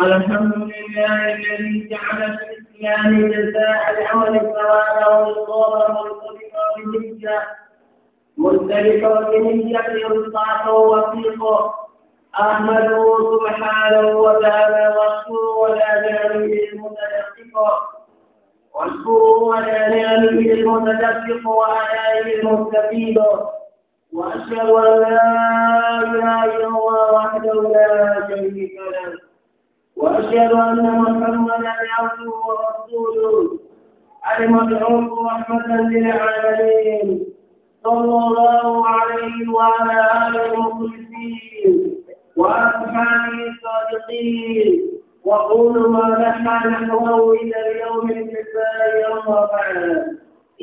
الحمد لله الذي جعل في الاسلام جزاء العمل الثواب والصوم مرتبطا بالنيه مختلفا بنية رفعه وثيقه أحمده سبحانه وتعالى واشكره ولا جانبه المتدفق واشكره ولا جانبه المتدفق وآلائه المستفيد وأشهد أن لا إله إلا الله وحده لا شريك له وأشهد أن محمدا عبده ورسوله المبعوث رحمة للعالمين صلى الله عليه وعلى آله المخلصين وأصحابه الصادقين وقولوا ما لحى نحوه إلى اليوم الجزاء يوم بعد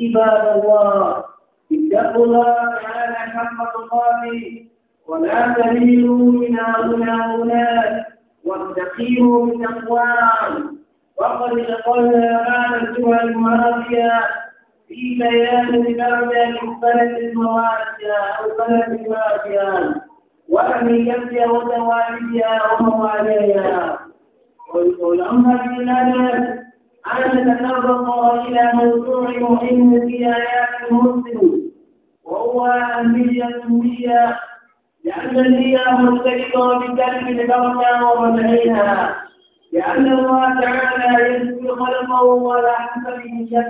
عباد الله اتقوا الله تعالى حق تقاته ولا تميلوا إلى هنا هناك واستقيموا بتقواهم وقد قلنا بعد الجمعة الماضية في بيان بعض بلد المواسية أو بلد يبدأ وأميتها وتوالدها ومواليها والأمر بالأدب أن نتطرق إلى موضوع مهم في آيات المسلم وهو أهمية النية لأن النية مرتبطة بكلمة البركة ومدعيها لأن الله تعالى يزكي خلقه على حسب نيته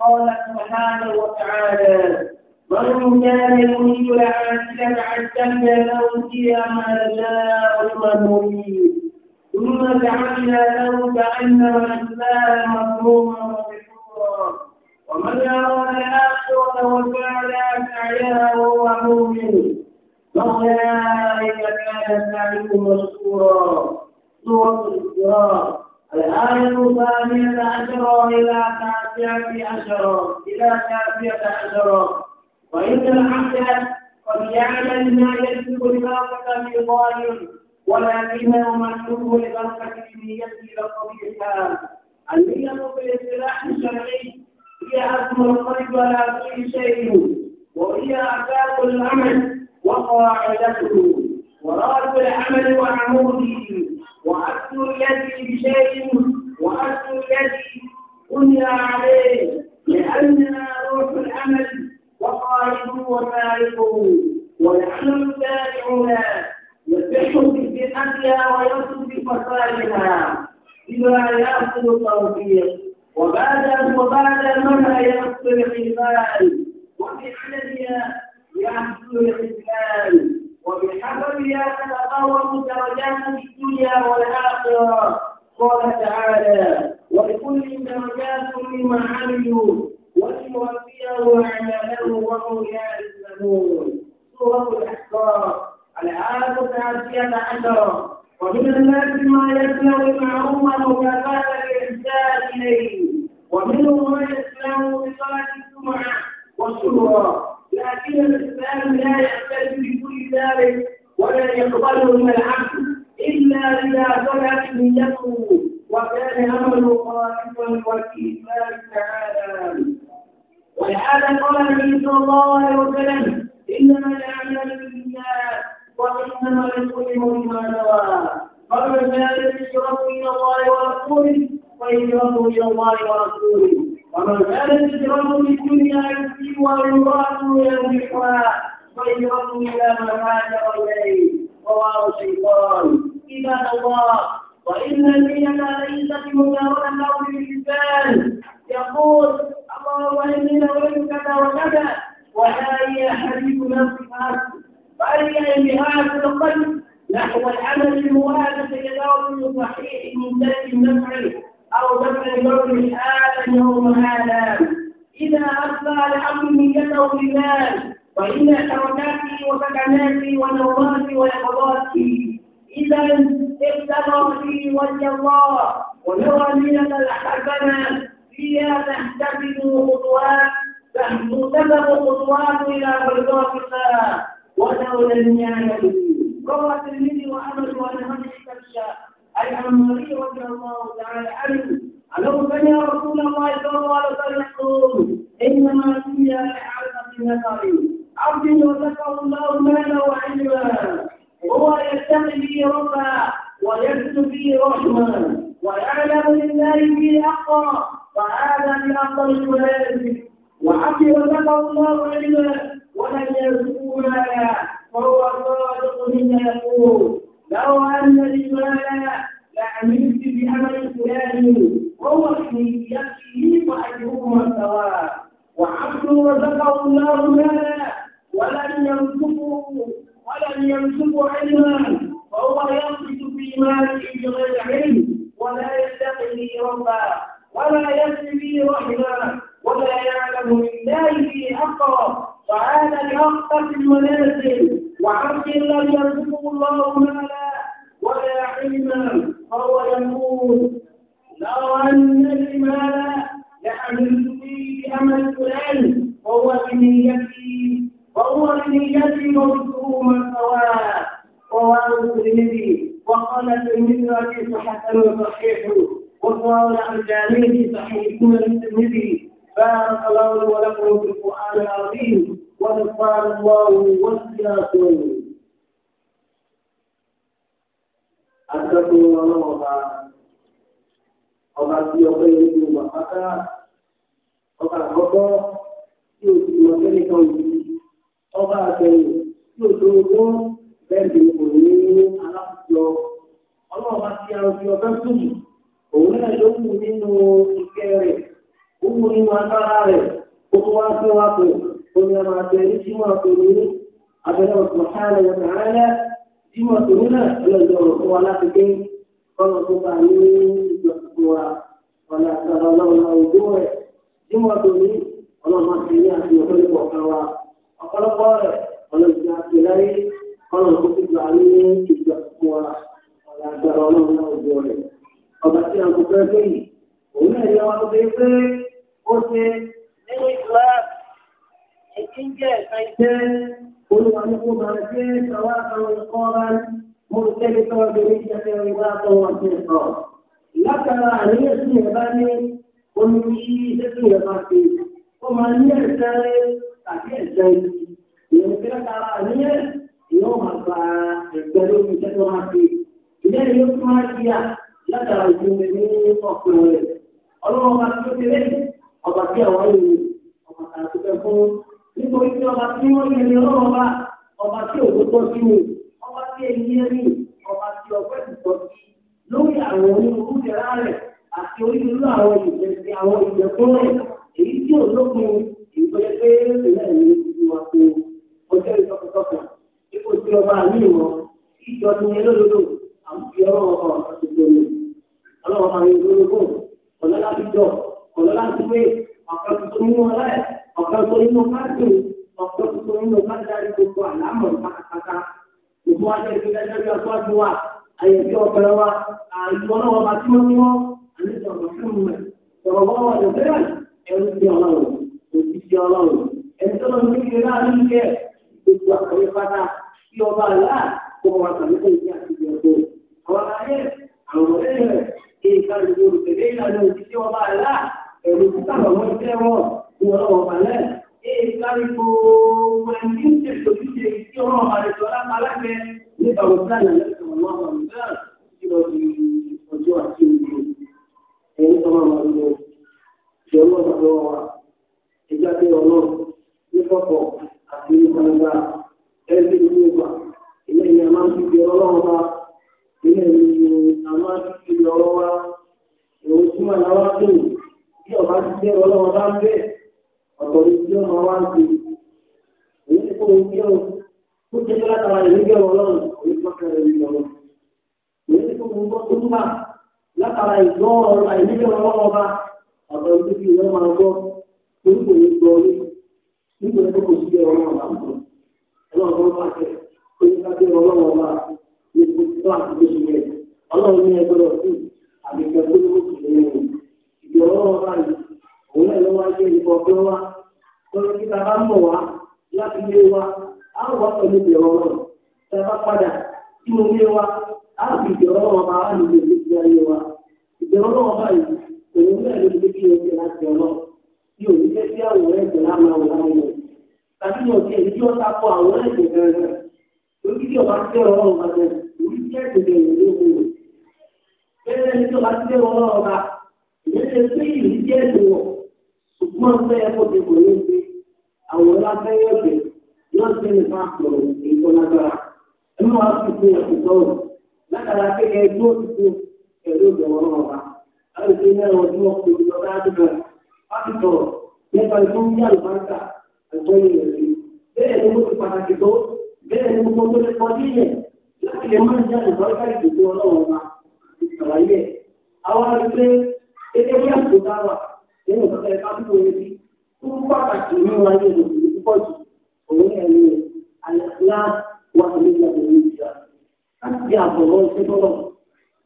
قال سبحانه وتعالى من كان يريد العاجلة عجلنا له فيها ما نشاء لمن نريد ثم جعلنا له جهنم أسلاما مظلوما ومشكورا ومن أراد الآخرة وكان سعيها وهو مؤمن أولئك كان سعيهم مشكورا سورة الإسراء الآية الثانية عشرة إلى تاسعة عشرة إلى تاسعة عشرة وإن العبد قد يعلم ما يسلك لغرفة في ظالم ولكنه مكتوب لغرفة بنيته إلى قبيحها النية بالاصطلاح الشرعي هي أسم القلب ولا كل شيء وهي أساس العمل وقاعدته وراد العمل وعموده وأصل الذي بشيء وأصل الذي بني عليه لأننا روح العمل وقائده وفارقه ونحن تابعنا يصح بثقتها ويصل بفسادها بما يصل التوفيق وبعد وبعد منها يصل وفي عددها بأهل الإسلام وبحسبها تتقوم درجات في الدنيا والآخرة قال تعالى ولكل درجات مما عملوا وليوفيهم أعمالهم وهم لا يسلمون سورة الأحقاف الآية الثالثة عشرة ومن الناس ما يسلم معروفا وكفاك الإحسان إليه ومنهم ما يسلم بصلاة الجمعة والشهرة لكن الإسلام لا يعتد بكل ذلك ولا يقبله من العبد إلا إذا صلحت نيته وكان أمره خالصا وفي الله تعالى ولهذا قال النبي صلى الله عليه وسلم إنما الأعمال بالناس وإنما لكل ما نوى قبل ذلك الشرف إلى الله ورسوله فهجرته الى الله ورسوله ومن كانت هجرته الدنيا يسكن ويراد ينجحها فهجرته الى ما هاجر اليه رواه الشيطان عباد الله وان المينة ليست مجرد قول الانسان يقول اللهم اني نويت كذا وكذا ولا هي حديث نفس بل هي القلب نحو العمل الموافق لدرجه صحيح منتج نفعه أو دفع ضر حالا يوم هذا إذا أفضى الأمر نيته بمال وإلى حركاتي وسكناتي ونوراتي ويقظاتي إذا اقتربتي وجه الله ونرى ملة الحسنة فيها تحتفل خطوات تحتسب خطوات إلى مرضاة الله ولولا النعمة روى الترمذي وأحمد وأنا من الأنصاري رضي الله تعالى عنه أنه يا رسول الله صلى الله عليه وسلم يقول إنما الدنيا لحالة النظر عبد وذكر الله مالا وعلما هو يتقي به ربا ويرجو به رحما ويعلم لله به حقا فهذا من أفضل المنازل وعبد وذكر الله علما ولن يرزقه مالا فهو صادق مما يقول لو أن الإجمال لعملت بعمل فلان وهو حنيته وأجرهما سواء وعبد رزقه الله مالا ولم يمسكه ولم يمسكه علما فهو يقبض في ماله بغير علم ولا يتقي ربا ولا يسقي رحمه وما يعلم لله في حقا فعاد لأخطف المنازل وعبد لم يرزقه الله مالا ولا علما فهو يقول لو أن المال لحملت لعملت فيه أمل العلم وهو بنيتي وهو بنيتي وبثوم سواء رواه الترمذي وقال الترمذي حسن صحيح وقال الجامعي صحيح الترمذي بارك الله لي ولكم في القرآن العظيم ونفعل الله وإياكم أتقوا الله ọba tí ọgbẹ́ yìí ti wà pátá ọba àkọ́kọ́ tí o ti mọ sẹ́ni kan yìí ọba àtẹ̀yìn tí o tó ogún bẹ́ẹ̀ ni kò ní ní alákùjọ ọlọ́ọ̀ba tí a fi ọbẹ̀ tó òun náà ló kù nínú ìkẹ́ rẹ̀ kú nínú agbára rẹ̀ ó wá sí wa kù omi ọmọ abẹ́rẹ́ tí wọ́n kò ní abẹ́rẹ́ ọ̀sán sáárẹ̀ wọn sàárẹ̀ tí wọ́n kò ní náà ọlọ́jọ́ ọ̀rọ̀ fún wa láti dé kọ́nà tó bá ní ìjọsìn wa ọ̀nà àtàrà ọlọ́run àwùjọ rẹ̀ tí wọ́n kò ní ọlọ́run àti ilé àti ọ̀pọ̀lọpọ̀ kan wa ọ̀pọ̀lọpọ̀ rẹ̀ ọlọ́jọ́ àti láyé kọ́nà tó ti gbà ní ìjọsìn wa ọ̀nà àtàrà ọlọ́run àwùjọ rẹ̀ ọ̀gá ó ṣe nínú ìsìláàmù èyí ń jẹ́ ẹ̀ka iṣẹ́ olùwàlúkú máa gbé sọ́wọ́ àwọn ẹ̀kọ́ bá mú tẹ́lẹ̀ sọ́wọ́ bí orí ìjọba ẹ̀rọ ìwà àtọwọ́ ṣe sọ. látara àníyàn sí ẹ̀ bá ní omi yí lẹ́sìn ẹ̀ bá ṣe ó máa ní ẹ̀sẹ̀ tàbí ẹ̀sẹ̀ ìyẹn ti látara àníyàn yóò máa gba ẹ̀sẹ̀ lórí iṣẹ́ tó máa ṣe. ìyá yóò tún máa ṣíyà látara ìṣúnmi ọba tí àwọn ìlú ọba tàbí fẹ́ fún nítorí pé ọba tí wọ́n yẹ ní ọlọ́run ọba ọba tí òkú tọ́ sí mi ọba tí èyí ẹ ní ọba tí ọgbẹ́ ti tọ́ sí lórí àwọn onírúurú jẹrá rẹ̀ àti onírúurú àwọn ìjẹsí àwọn ìjẹkùn rẹ̀ èyí tí ò lókun ìgbẹ́ pé ìpínlẹ̀ ní ìwà kó ọjọ́ ìtọ́kọtọ́kọ ipò tí ọba àmì ìwọ̀ ìjọ ni elólódò àti ọlọ́run ọba ọ̀sán ti Kalau suwe, maka suwe mulai, maka suwe mukadu, maka suwe mukadu dari buku alamun maka kata Ibu ada kita jadi apa dua, ayat dua berawa, ayat dua nama mati menyo, ini sama Muhammad. Kalau bawa ada beran, ini dia lalu, ini dia lalu. Ini kalau mungkin kita ini ke, itu apa yang kata, dia bala, kau akan itu dia itu. Kalau ada, kalau ada, ikan dulu, tidak ada, dia bala ẹ̀rù títà lọ́wọ́ jẹ́ wọ́n wọ́n lọ́wọ́ balẹ̀. Èyí sáré gbogbo ẹni tí ń ṣe ìṣòjúṣe tí ọ̀rọ̀ àrẹ sọ lápáláṣẹ nípa òṣìṣẹ́ àyàn lẹ́sìn ọ̀wọ́ àwọn ọ̀gá tí lọ sí ọjọ́ àti ojú. Ẹ̀yin sọ́mọ́ àwọn ọmọ ìjọ ọlọ́run lọ́wọ́ wa. Ìjà pé ọlọ́run ní kọ̀kọ̀ àti ní gbangba ẹ̀sìn ní ìgbà. Ilé ni a máa ń fi ọlọ́run wa. Ilé ni a máa ń fi ọlọ́run wa. Èrò tí wọ́n bí ọba ti jẹ́ ọlọ́wọ́ bá ń bẹ̀ ọ̀tọ̀ ní tí ọmọ wa ń ṣe èyí ti kó omi ọ̀ tó jẹ́ látara ìlú jẹ́ ọlọ́run òní pọ́kẹ́ rẹ̀ nílò ọ̀run èyí ti kó omi tó túmọ̀ látara ìgbọ́ ọ̀rọ̀ àìní jẹ́ ọlọ́wọ́ bá ọ̀tọ̀ ní tí ìlú máa gbọ́ torí kò ní gbọ́ orí nítorí tó kò sí jẹ́ ọlọ́wọ́ bá ń bọ̀ ọlọ́wọ́ bá pàṣẹ pé ká jẹ́ ọlọ́wọ́ bá ní kó tó àti tó ṣe yẹ ọlọ́run ní ẹgbẹ́ rẹ̀ sí àbíkẹ́ tó ló kò sí lọ́wọ́ báyìí òun náà wa lọ́wọ́ tí bàbá ń bọ̀ wá láti ilé wa á wà pẹ̀lú ìbẹ̀rù tá a bá padà tí mo wa á fi ayé wa òun láti tí ní ẹ̀jẹ̀ ọba tẹ́ ìyẹn lè pé ìlú jẹ́ ìwọ̀ ṣùgbọ́n fẹ́ ẹ̀kọ́ ti kò ní pé àwọn lábẹ́yẹ̀ bẹ̀ náà ti lè máa sọ̀rọ̀ ètò lágbára ẹ máa fi fún ẹ̀kọ́ sọ̀rọ̀ látara pé ẹ dúró tuntun ẹ̀rọ ìjọba náà wà láti fi mẹ́rin ọdún ọkọ̀ ìjọba láti bẹ̀rẹ̀ láti sọ̀rọ̀ nípa ìfún bí àlùbáńkà ẹ̀kọ́ ìrìn rẹ̀ bẹ́ẹ̀ ni mo ti pàtàkì tó bẹ́ẹ̀ ni mo tó lè kọ́ nílẹ̀ láti lè máa jẹ́ àlùbáńkà ìdìbò ọlọ́run wa àlàyé àwọn àti pé gẹ́gẹ́ bí àpò dáwà nínú ìtọ́jú ẹ̀ka tó wọlé sí tó ń pàtàkì ní wọn ayé ìlú púpọ̀ jù òun ní ẹ̀mí wà ní ìlànà ìlú ìjà láti àbọ̀wọ́ iṣẹ́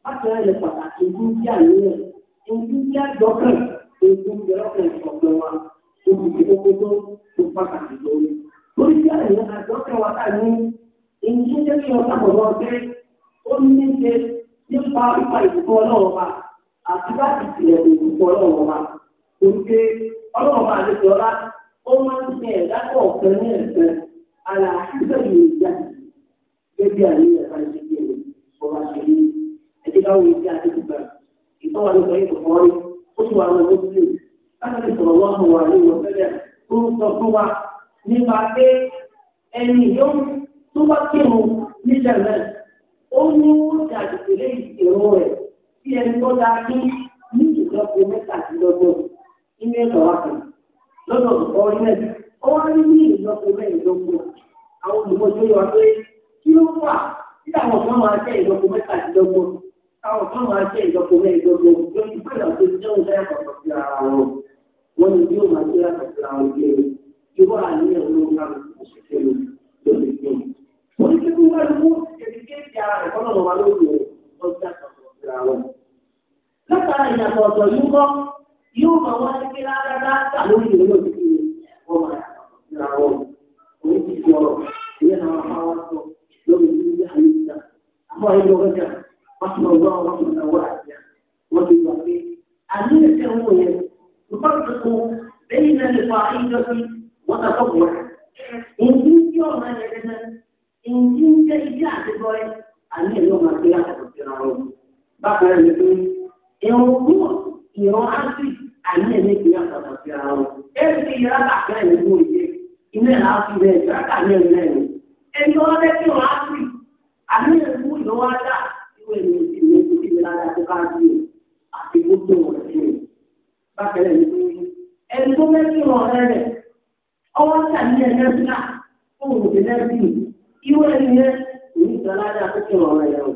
láti ẹ̀rẹ̀ pàtàkì ní ìdí àníyàn ìdí ìdí àjọkàn ìdí ìjọkàn ọ̀gbọ̀n wa tó fi fi kókó tó tó pàtàkì lórí. lórí ìdí àníyàn àjọkàn wa ká ní ìdí ìjẹ́kì ọ̀sán àbọ̀wọ́ àti láti tilẹ̀ òkú fún ọlọ́run wa oríṣi ọlọ́run wa àti ìjọba ó máa ń fi ẹ̀dá kọ̀ọ̀kan ní ẹ̀fẹ́ ara àṣìṣe yìí ìjà gẹ́gẹ́ àní ẹ̀ka ìṣèjì ẹ̀rọ ọba ṣẹlẹ̀ ẹ̀jẹ̀ káwọn ìṣe àti ìgbà ìtọ́wà ló sọ yìí kò fọ́ rí ó sì wà lọ bó tilẹ̀ láti sọ̀rọ̀ wọn mọ̀ wà ní ìwọ̀sẹ̀lẹ̀ tó ń sọ fún wa nípa pé ẹni yóò tó wá kírun níjà náà ó ní ó ti àdìsílẹ̀ ìṣèrò rẹ̀ tí ẹni tó dáa ní ní ìjọba mẹ́tàdínlọ́gbọ̀n nínú ẹ̀rọ àkàn lọ́dọ̀ ọ̀rẹ́ ọ wá ní ní ìjọba mẹ́tàdínlọ́gbọ̀n àwọn olùmọ̀jọ́ yọ pé kí ló fà tí àwọn kan máa jẹ́ ìjọba mẹ́tàdínlọ́gbọ̀n táwọn kan máa jẹ́ ìjọba mẹ́tàdínlọ́gbọ̀n lórí pẹ̀lú àti ìjọba yàtọ̀ sí ara wọn wọn ni yóò máa jẹ́ yàtọ̀ sí ara wọn irú àníyàn ló ń lára òṣìṣẹ́ lò lórí ìgbìmọ̀. Oníṣègùn wà lówó ìṣèlú kéèké ara rẹ̀ kọ́nà wà lórí rẹ̀ lọ́jà síra wọn. látara ìyàtọ̀ ọ̀dọ̀ yìí kọ́ yóò máa wá sí kíra rárá tà lórí ìlú òkè ẹ̀kọ́ máa yàtọ̀ síra wọn. òun ti fi ọ̀rọ̀ ìyẹn náà máa wá sọ lórí ìlú ní àyè ìta. àmọ́ ẹgbẹ́ ọjà wọ́n ti lọ gbọ́ wọn fún ìnáwó àjà wọ́n ti gbà pé àní ẹ̀kẹ́ wọn yẹn ìfọ̀tòkò bẹ́yìn náà nípa ìjọsí wọ́n ta tọ́kù wá. Ìdí ìdí ń bákan náà ni pé ìrun kúrò ìrun ásì àní ẹ̀mí kìí àtàtà sí ara wọn. ẹ̀rí kí yàrá kàkẹ́ ẹ̀mí kú ìyẹ iná ẹ̀ láti rẹ̀ ìtura kàní ẹ̀mí náà ni. ẹni wọn lé kí wọn ásì àní ẹ̀mí ìnáwó ajá ìwé ẹ̀mí ìwé ìwé ìwé lára tó ká sí o àti gbogbo wọn sí o. bákan náà ni pé ẹni tó lé kí wọn rẹ̀ rẹ̀ ọwọ́ sí àní ẹ̀mí ẹ̀mí náà fún òun ìwé ẹ̀mí ìwé ẹ̀mí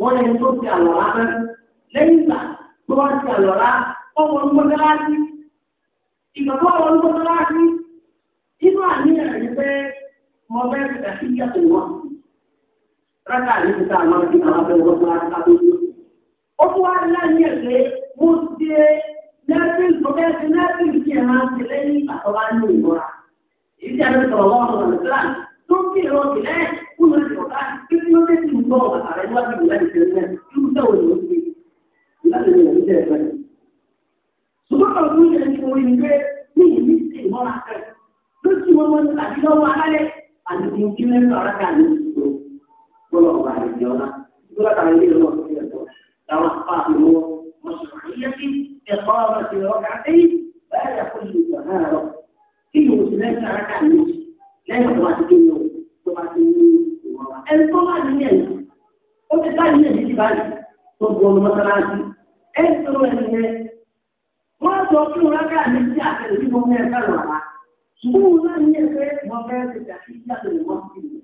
wọ́n lè tó ti àlọ́lá náà lẹ́yìn ìgbà tó wá ti àlọ́lá ọmọ ní mọ́tẹ́láṣí ìgbàgbọ́ ọmọ ní mọ́tẹ́láṣí inú àníyàn rẹ̀ pé mo fẹ́ fìdá sí yàtọ̀ wọn. rákà ní ti ta àwọn àti àwọn abẹ́wọ́ fún wa ká tó yọ. ó fún wa láyé pé mo ṣe nẹ́ẹ̀sìn mo fẹ́ ṣe nẹ́ẹ̀sìn kí ẹ̀ máa ṣe lẹ́yìn ìgbà tó bá ní ìmọ̀ra. ìdí tó ń bèèrè ọ̀gbìn lẹ́yìn fún lórí ọ̀gá kí ló dé sí ìgbọ́ ọ̀gá rẹ̀ wá sí ìlànà ìṣẹ̀lẹ̀ náà kí ló ìlú sí ìlànà ìlú ìṣẹ̀lẹ̀ rẹ̀. ṣùgbọ́n kan tó ń yẹ kí wọ́n ní ìlú sí ìmọ̀ra rẹ̀ ló sì wọ́n mọ́ àti lọ́wọ́ alálẹ̀ àti kí kí lẹ́nu ara ká ní ìṣòro gbọ́dọ̀ lọ́wọ́ sí ẹ̀tọ́ lẹ́yìn tó bá ti kí ni o tó bá ti ní ìwọ wa. ẹni tó bá ní ẹ̀ ó ti báyìí ní ìdíjì báyìí tó bu ọmọ mọ́sálásí. ẹni tó lọ ẹni yẹn wọ́n sọ kí wọn ká ní sí àtẹ̀lẹ́ tí mo fẹ́ fẹ́ lọ wá. ṣùgbọ́n wọn náà ní ẹgbẹ́ wọn fẹ́ ti dà sí sí àtẹ̀lẹ́ wọn sí i.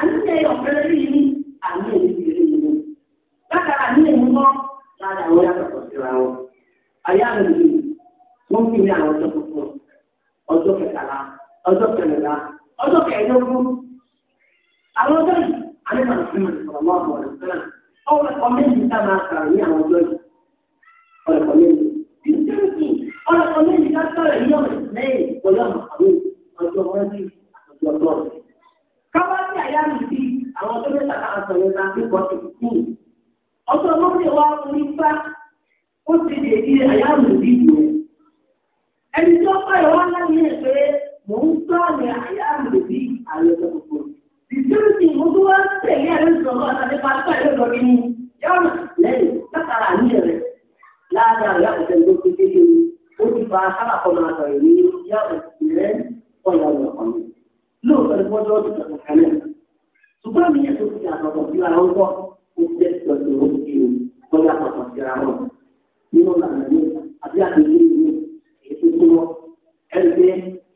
àníyàn yọ fẹ́rẹ́ rí ní àníyàn ní ìdílé yìí. látara àníyàn mú mọ́ ní àwọn ọjọ́ kẹtàlá ọjọ́ kẹrìnlá ọjọ́ kẹrìndínlógún àwọn ọjọ́ yìí alẹ́ náà fi mọ̀ nípa ọmọ àwọn ọ̀rẹ́ sẹ́lẹ̀ ọ̀rẹ́ ẹ̀kọ́ méjì tá máa sàrẹ̀ ní àwọn ọjọ́ yìí ọ̀rẹ́ ẹ̀kọ́ méjì ìdíjẹ́rìkì ọ̀rẹ́ ẹ̀kọ́ méjì ká sọ̀rọ̀ ní ọ̀rẹ́ lẹ́yìn pẹ̀lú àwọn àwọn ọjọ́ wẹ́ẹ́dì àtọ̀jọ́ ọ̀rẹ́ káwájú àyà mi bí àwọn ọjọ́ mẹ́ta ká sọ̀rọ̀ náà ní kọ́tù kù ọjọ́ mọ́tì wa ní bá ó ti dè mò ń tọ́ ni àyà lò bí àyọ̀dọ̀ gbogbo. Ìdílùsì mo tó tẹ̀lé ẹ̀rọ ìsọ̀rọ̀ àtàdé pa tó ẹ̀rọ lọ nínú yọ̀rù lẹ́yìn látara ní ẹ̀rẹ̀. Láàárín àyà ọ̀sẹ̀ ló ti dé lórí. Ó ti fa sábà kan máa sọ̀rọ̀ ní yọ̀rù ìrẹ́ ọ̀yà ọ̀yà kan. Lóòótọ́ ni wọ́n ti sọ̀rọ̀ kalẹ̀. Ṣùgbọ́n mi yẹn tó ti àtọ̀tọ̀ sí ara ń bọ̀. Ó jẹ́ ìtọ́jú òkè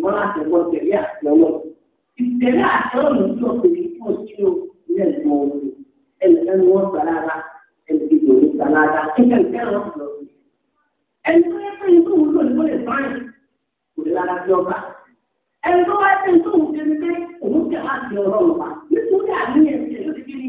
ṣùgbọ́n láti ọgbọ́n tẹ̀lé àtọ́lọ́. ìtẹ̀lé àtọ́lọ́ ló ń lọ pé kí wọ́n ti o ilé ẹ̀gbọ́n o ẹnìkan wọ́n sàlára ẹnìkan kò ní sàlára kíkẹ́ ìfẹ́ wọn lọ sí. ẹni tó yẹ kí ikú wúlò ní wọlé fáìn kò ní lára bí ọba. ẹni tó wáyé pé nítorí òun kéré pé òun kẹ́ láti ọ̀rọ̀ ọ̀pá nítorí àníyàn ti ẹ̀ lóde kiri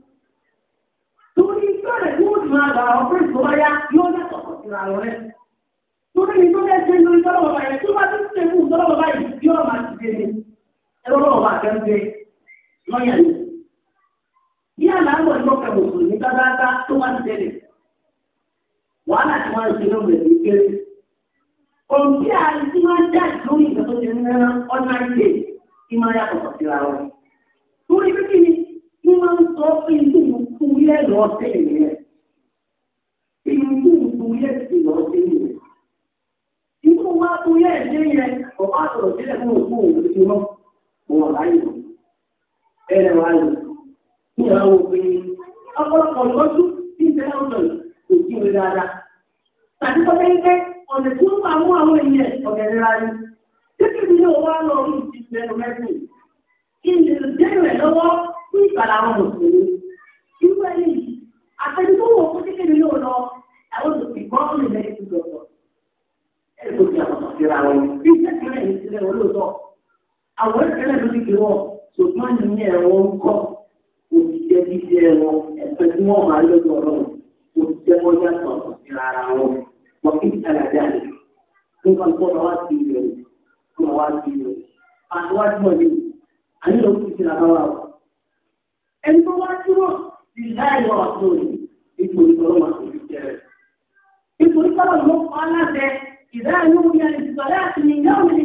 torí sọ̀rọ̀ tí wọ́n ti máa gbà ọ́ pé ìgbọ́yá yóò yàtọ̀ pọ̀ sí ara rẹ̀. torí ní tó lẹ́sẹ̀ lórí tọ́lọ̀ bàbá tó bá ti ṣe fún tọ́lọ̀ bàbá yìí yóò máa ti dé ní ẹ̀rọ lọ́wọ́ bá fẹ́ lọ́yà ni. bí àlàáfọ̀ ni wọ́n fẹ́ wò sùn ní dáadáa tó wá ti tẹ̀lé. wàhálà tí wọ́n ṣe lóun lẹ́sìn kéré. òǹkí àti tí wọ́n já lórí ìgbà tó ti ń rán ọ̀nà torí lọ sí ìyẹn. Ìlú tó ń torí lọ sí ìyẹn. Ìlú wa torí ẹ̀ sí ìyẹn, ọ̀pá sọ̀rọ̀ sílẹ̀ fún òkú òun ti mọ́. Mo láyé lọ. Ẹ̀rẹ̀ wa lò. Ní àwọn òfin ọ̀pọ̀lọpọ̀ lọ́dún tí ìṣẹ̀lẹ̀ ọ̀sán kò sí orí dáadáa. Tàbí kọ́tẹ́ ń ọ̀nà tí ó máa mú àwọn èèyàn ọ̀gẹ̀dẹ̀ ráyé. Títí mi náà lọ rí ìdílé ẹnu mẹ́sìn. Kí n lè dẹ́rẹ̀ lọ́wọ́ fún ìgbàlá àwọn mùsùlùmí irú ẹni yìí àtẹni tó wọ̀ fún kékeré yóò lọ àwọn òṣèlú gbọ́ ọ̀rọ̀ ilẹ̀ ètò ìjọba ẹni tó fi àwọn ọ̀sẹ̀ra wọn bí ìṣẹ̀kẹ̀rẹ̀ yìí sílẹ̀ wọn lóòótọ́ àwọn ìṣẹ̀lẹ̀ ló ti kí wọn ṣùgbọ́n ní ẹ̀rọ ń kọ́ òṣìṣẹ́ títí ẹ̀rọ ẹ̀fẹ́ tí wọ́n máa lọ́dọ̀ ọlọ́run òṣìṣẹ́ wọn yàtọ̀ ọ̀sẹ̀ra ara wọn wọ́n kí ìtàlájà rẹ̀ nípa tó lọ wá sí ìrẹ̀ tó lọ wá sí ìrẹ̀ àti wá sí ọ̀dẹ̀ àyẹ̀wò ti ti ti láì wà fún mi nítorí ọlọ́run àti ìjẹ́ rẹ̀. nítorí sábà ló pa á láṣẹ ìdá ìlú ní àìsàn láti ní yàwó ní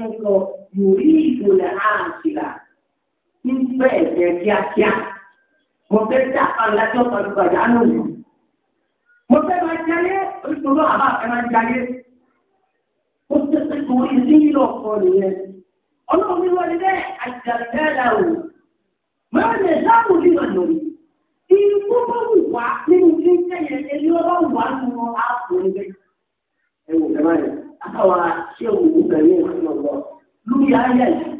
akẹ́kọ̀ọ́ yòrí ìgbòlẹ̀ àǹtìlà ń fẹ́ ẹ̀jẹ̀ kíákíá. Mo fẹ́ dá alájọ́ pàdùpàdà nù. Mo fẹ́ máa jayé oníṣòro àbá fẹ́ máa jayé. Ó ti ṣe kò rí sí ìlú ọ̀pọ̀ nìyẹn. Ọlọ́run ní wọlé bẹ́ẹ̀ àjàgbẹ́ra o. Mọ̀ lè dáàbò bí ọ̀nà yìí. Ikú bá wù wá nínú tí ń tẹ̀yẹ̀ ẹni ọlọ́run wà nínú àpò ẹgbẹ́. Ẹ wò ẹ báyìí àtàwà ṣé òwò bẹ̀rẹ̀ ìwọ̀n lọ lórí ayé yìí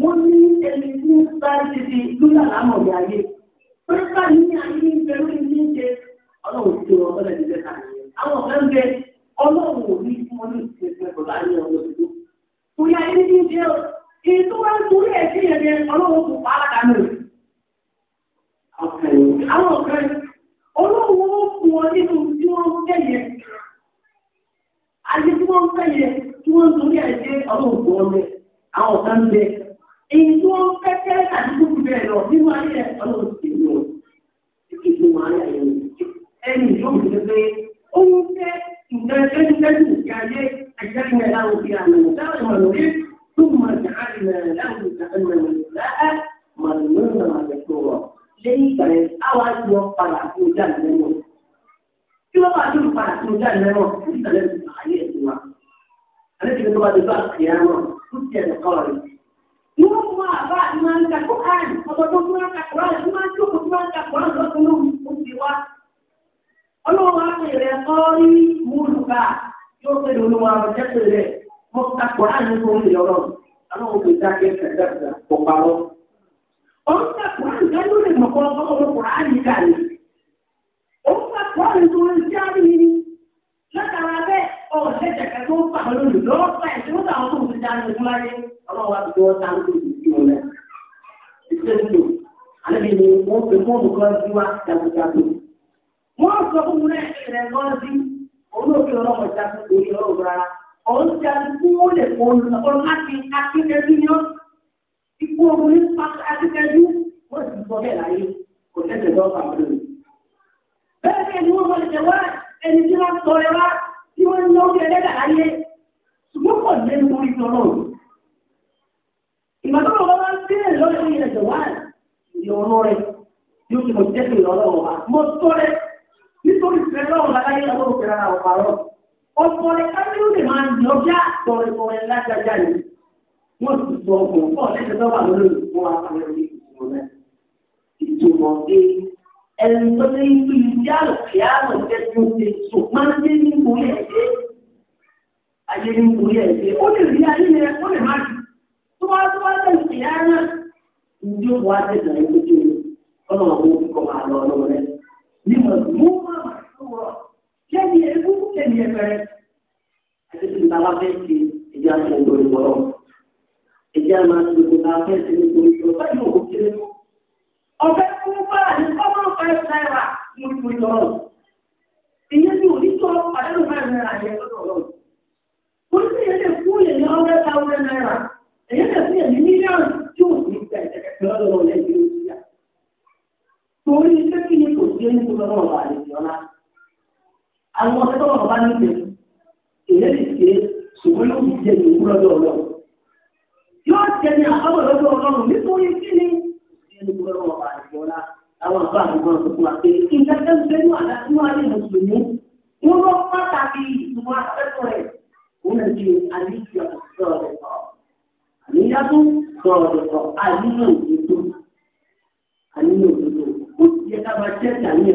wọ́n ní ẹni ní sáré títí lórí àlámọ̀ ní ayé pẹ́ẹ́pà ní ayé ń bẹ lórí ní ṣe ọlọ́run ti rọ ọ̀rẹ́ ti bẹ́ta àwọn ọ̀fẹ́ ń bẹ ọlọ́run ò ní fún ọ ní ìsinmi pẹ̀lú ayé ọ̀rọ̀ ìlú torí ayé ní ṣe ọ èyí tó torí ẹ̀ sí ẹ̀yẹ ọlọ́run kò pa á kánú àwọn ọ̀fẹ́ ọlọ́run ó fún ọ nínú tí wọ́n ń àti tí wọ́n ń fẹ́ yẹ tí wọ́n ń torí ẹ̀ ṣe ọdún òkú ọmọ àwọn ọ̀tá ń bẹ èyí tí wọ́n ń fẹ́ kẹ́ àti tó fi bẹ́ẹ̀ lọ nínú ayé ọdún òkú ìlú kí kí wọ́n ayé ayé ẹni yóò fi pé ó ń fẹ́ nǹkan ẹgbẹ́ni ti ayé ẹgbẹ́ni láwọn fi àmì láwọn ọmọ rẹ tó mọ̀ ní àmì láwọn ìtàkùn láà lẹ́yìn ìgbà yẹn àwọn àti wọn padà kó jáde lẹ́nu kí ló máa dúró padà sínú jáde lẹ́wọ̀n fún ìtàlẹ́ ayé ẹ̀sìn wa alẹ́ kìíní tó bá dé bá náà fún ti ẹ̀dọ̀ kọ́ rẹ̀. yóò mú àbá àti máa ń ka kó káyìn tó máa ń ka kó tó máa ń tó kó tó máa ń ka kó rẹ̀ lọ́sùn lóhùn ó ti wá. ọlọ́run á pè rẹ̀ kọ́ rí múlùkà yóò pè lónìí wa ọ̀rọ̀ jẹ́ pè rẹ̀ mo ka kó ní wọ́n lè tún lè sí látara bẹ́ẹ̀ ọ̀sẹ̀ jẹ̀kẹ́ tó fà lónìí lọ́wọ́ pa ẹ̀ tí ó tà wọ́n tó ti dáná ogun láyé ọlọ́run wa ti fi wọ́n ta ìdí wọn lẹ̀. ìṣèlú lò alẹ́ ni wọ́n fi mọ́ọ̀mù kan sí wa jagunjagun. wọ́n sọ fún mi náà ìrẹ̀ gan sí olóògbé ọlọ́run jagun lórí ọ̀rọ̀ rárá. ọ̀hún ti a kú ó lè kó olùkọ́ akíkẹ́jú ní wọ́n bẹ́ẹ̀ ni wọ́n wọlé tẹ̀ wá ẹni tí wọ́n tọ́ ẹ wá tí wọ́n ń lọ́ọ́ kẹ́ lẹ́dà láyé ṣùgbọ́n pọ̀ lẹ́nu orí tọ́lọ̀. ìgbà tó lọ́wọ́ bá ń bẹ̀rẹ̀ lọ́wọ́ ẹni rẹ̀ tẹ̀ wá ìyọ̀nù rẹ̀ yóò ti mọ̀ jẹ́ pé ìrọ̀lọ́wọ́ wa mọ̀ tọ́ rẹ̀ nítorí ìfẹ́lọ́wọ́ láyé àwọn òkèrè àwọn àrọ̀ ọ̀pọ̀ rẹ̀ kájú lè máa ń yọjá tọ̀rẹ̀tọ̀rẹ̀ lájájá yìí wọ́n ẹni tó lé ń pè ní àlùkí àrùn jẹ́jú ṣe ṣùgbọ́n ní níbo yẹ̀ ṣe ayé níbo yẹ̀ ṣe ó lè rí ayé yẹn ó lè má rí tó wá tó wá lẹ̀ ṣe ara ìdí òkú wá tẹ̀lé ayé lójú ọ̀nà àwọn olùkọ́ máa lọ ọlọ́run rẹ̀ nígbà mú máa tó wọ̀ kẹ́ni ebú kẹ́ni ẹgbẹ̀rẹ̀ àti tí bàbá fẹ́ ṣe ìjà àti ìgbòho ìgbòho ìjà máa ń ọ̀fẹ́ fún bọ́lá ní ọmọ five naira lórí tọ́lọ̀. Ìyẹn ti ò ní tọ́ àdánù five naira yẹn lọ́dọ̀ lọ́wọ́. Polisi fún yẹn mílíọ̀nù tí ò ní bẹ̀rẹ̀ kẹ̀kẹ́ lọ́dọ̀ Nàìjíríà. Torí iṣẹ́ kí ni kò sí ẹni tó lọ́wọ́ ọ̀bà àlejòọ́lá. Àwọn ọ̀sẹ̀ tó lọ́wọ́ bá ní ìbẹ̀ èyẹ gbogbo ọlọ́run ọba àdìgbọ́lá àwọn àbá àdìgbọ́n tó fún wa pé ìdájọ́ ìgbẹ́nu àdásíwá lè mùsùlùmí wọ́n lọ pàtàkì ìtumọ̀ àtẹ́kọ̀ọ́ rẹ̀ wọ́n lè di àlejò sọ̀rọ̀ sọ̀rọ̀ àníyàtọ̀ sọ̀rọ̀ sọ̀rọ̀ àníyàn òdodo àníyàn òdodo ó ti yẹ ká ẹ̀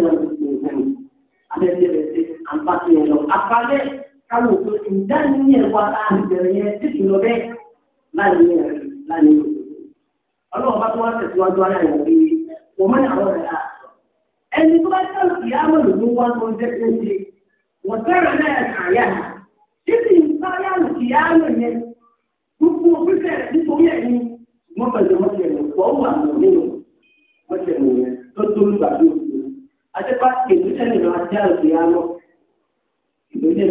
lọ láàrin bẹ̀rẹ̀ yẹn títí lọ bẹ́ẹ̀ láàrin yẹn láàrin yẹn ọlọ́run bá tó wá tẹ̀síwájú ara ìwọ̀n pé wọ́n mọ̀ àwọn ọ̀rẹ́ à. ẹni tó bá tẹ̀lé ìyáàmọ̀ lòdù wá tó ń jẹ́ ṣe wọ́n tẹ̀rẹ̀ náà kàyà títí ìpáyà ìyáàmọ̀ yẹn gbogbo pípẹ́ nítorí ẹ̀yìn wọ́n pẹ̀lú mọ́tẹ̀lẹ̀ pọ̀ wà nínú mọ́tẹ̀lẹ̀ yẹn tó tó ń gbà tó àtẹ́pá ìgbésẹ̀lẹ̀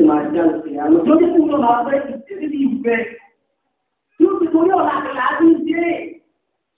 máa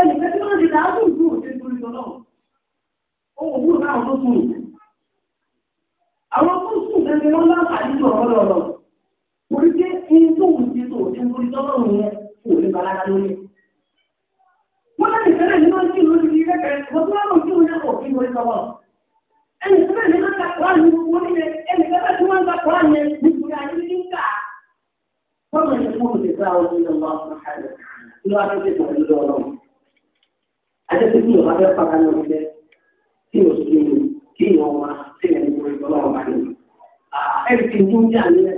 ẹnìkan tí wọ́n ti dá sùn dùn òde torí lọ́nà ohun òwú náà tó sùn àwọn tó sùn gẹ́gẹ́ wọn bá pàdé tó ọ̀rọ̀ lọ́rọ̀ torí pé ẹni tó wù sí tó òde torí lọ́nà yẹn kò lè balada lórí wọ́n lẹ́nu ìfẹ́lẹ̀ ní wọ́n kí lórí ti rẹ́kẹ̀ wọ́n tó lọ́nà kí wọ́n yẹ kọ̀ kí lórí lọ́wọ́ ẹnì ìfẹ́lẹ̀ ní wọ́n ta kọ́ àyè wọ́n ní ẹnì ìfẹ́lẹ̀ tí wọ́n ta kọ́ àyè nítorí àyè ní ká wọ́n lọ sí fún òṣèlú àwọn ọmọ ìlú ọmọ ìlú àti ìṣèjọba ìlú ọlọ́run àjẹsí bí ìjọba fẹ́ pàtàkì lọ sílẹ̀ tí o sì ní kí ìwọ̀n wa sí ẹni tó ìjọba wọn bá yẹn. ẹni tí ń jà ní ẹ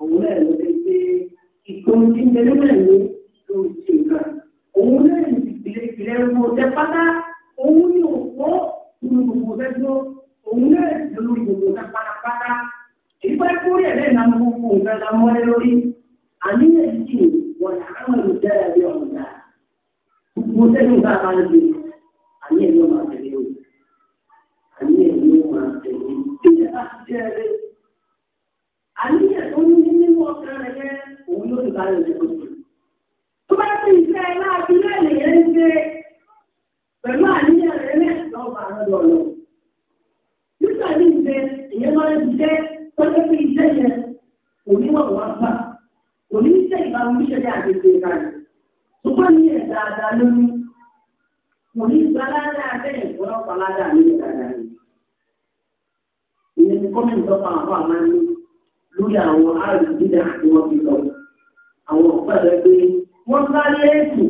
òun náà ló ti gbé ìpinnu tí ń bẹ̀rẹ̀ náà ní lórí ti nǹkan òun náà ní ìpìlẹ̀ ìpìlẹ̀ ẹ̀rọ ọ̀tẹ pátá òun ní òpó nínú gbogbo fẹ́tọ́ òun náà lórí gbogbo ọ̀tẹ pátápátá èyí bá kó lẹ́yìn náà gbogbo nǹkan la mọ́lẹ́ lórí àníyàn yìí wọ̀n àwọn olùdarí mo sẹ́yìn bá a máa ń lò àní ẹ̀yọ́ máa tẹ̀lé o àní ẹ̀yọ́ máa tẹ̀lé tí bá ti jẹ́ ẹ̀rẹ́ àní ẹ̀tọ́ ní nínú ọ̀sán rẹ̀ yẹn òun ló ti bá rẹ̀ lẹ́kọ̀ọ́ tó bá ti ìfẹ́ láti lẹ́yìn yẹn ń ṣe pẹ̀lú àníyàn rẹ̀ lẹ́sọ̀ọ́ bá a lọ lọ nígbà ìfẹ́ ìyẹn máa ń jẹ́ tọ́jú pé iṣẹ́ yẹn òní wà wá gbà òní iṣẹ́ ìbámu iṣẹ́ yẹn àti ìṣe ìbámu ṣùgbọ́n ní ẹ̀ dáadáa lórí kò ní gbalada bẹ́ẹ̀ ìgbọ́n palada ní ẹ̀ dáadáa ni. ìyẹn ní kọ́mẹ̀ntì tó pa àwọn àmà ní lórí àwọn àrùn dídá àti wọn fi lọ àwọn ọ̀pẹ̀lẹ̀ pé wọ́n sáré ètò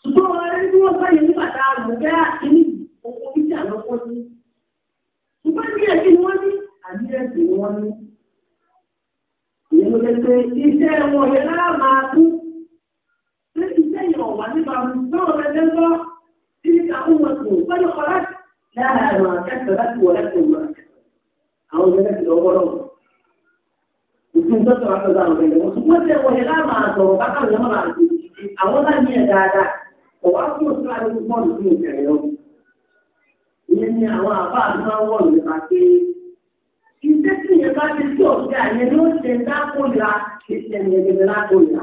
ṣùgbọ́n wọn rí bí wọ́n sáyé ní bàtà àlùkẹ́ àkíní owó títí àlọ́kọ́ ní. ṣùgbọ́n ní ẹ̀kí ni wọ́n ní àbí ẹ̀sìn ni wọ́n ní. ìyẹn ló lè pe iṣẹ́ wọn yẹn lára máa kú lẹ́yìn sí àwọn bá káwọn tí ìyẹn bá ti tó ọ̀gá ìyẹn ló ṣe dákòlá ìṣẹ̀lẹ̀ ìgbẹ̀rẹ̀ dákòlá.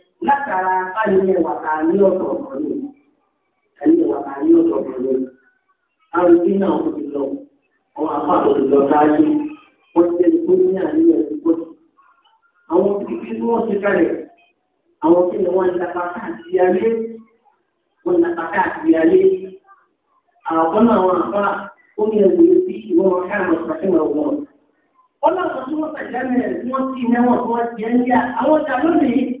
látara ayẹyẹ wàkà ní ọ̀dọ̀ ọ̀dọ̀ ayẹyẹ wàkà ní ọ̀dọ̀ ọ̀dọ̀ àwọn ìdí náà wọ́n ti lọ àwọn apá àtọ̀tọ̀ lọ sáájú wọ́n ti tẹ́lẹ̀ tó ní àníyàn tó pọ̀ jù àwọn ibi tí wọ́n ti kalẹ̀ àwọn kí ni wọ́n ń dapa káàkiri ayé wọ́n ń dapa káàkiri ayé àwọn àwọn àfa ó ní ẹgbẹ́ sí ìwọ́n wọn káàmọ̀ ṣàfihàn wọn. wọ́n láwọn tí wọ́n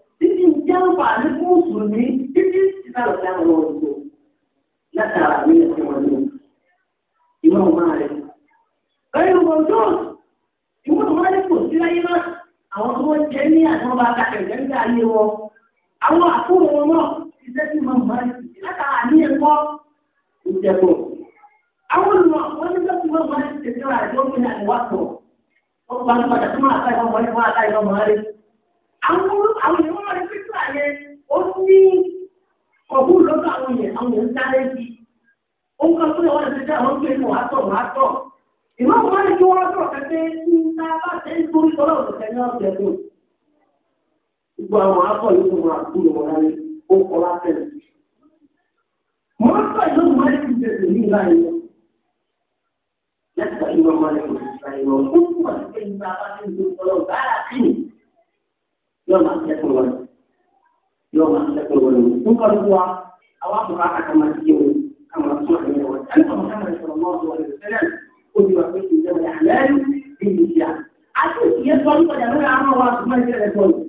jẹ́ àǹfààní fún mùsùlùmí títí sísàlọ̀ àwọn ọ̀dọ́ látara ní ẹ̀sìn wọn ní ìmọ̀ máa rẹ̀. Bẹ́ẹ̀ni wọ́n tó ìwọ́n tó wáyé kò sí láyé náà àwọn tó wọ́n jẹ́ ní àwọn bá ta ẹ̀jẹ̀ ń gbà wọn. Àwọn àkóhùn wọn náà ti sẹ́sì máa ń máa ti látara ní ẹ̀kọ́ Àwọn olùmọ̀ wọn ní máa àwọn àwọn èèyàn wọn rẹ pípa yẹn ó ní ọ̀hún lọ́dọ̀ àwọn èèyàn àwọn èèyàn sáré bí ó ń kọ́ pé wọ́n ti dá àwọn pé wọ́n á tọ̀ wọ́n á tọ̀ ìwọ́n wọn ni kí wọ́n tọ̀ pẹ́pẹ́ ní ta bá tẹ́ ń torí tọ́lọ̀ òṣìṣẹ́ ní ọ̀sẹ̀ tó gbogbo àwọn akọ yóò wọn àbúrò wọn lálé ó kọ́ wá tẹ̀lé mọ́tò yóò wọ́n ti tẹ̀lé ní ìlànà yẹn lẹ́tọ̀ ìwọ̀n mọ́lẹ̀ kò sí ìlànà yẹn ó kúrò ní ta bá tẹ́ ń yóò máa kẹ́kọ̀ọ́ wọn yóò máa kẹ́kọ̀ọ́ wọn ń kọ́ lóko wa àwọn àbúrò àkàkàmà ti yẹ wọn kàmà tó àyẹ̀wò wọn ẹni tó máa ń sọ̀rọ̀ mọ́ ọ̀dọ̀ rẹ̀ sẹ́lẹ̀ ó ti wà pé ìjọba yà lẹ́nu bí mi ṣíà àti ìyẹn tó ń kọjá lórí àwọn wa tó máa ń jẹ́rẹ̀ tó yìí.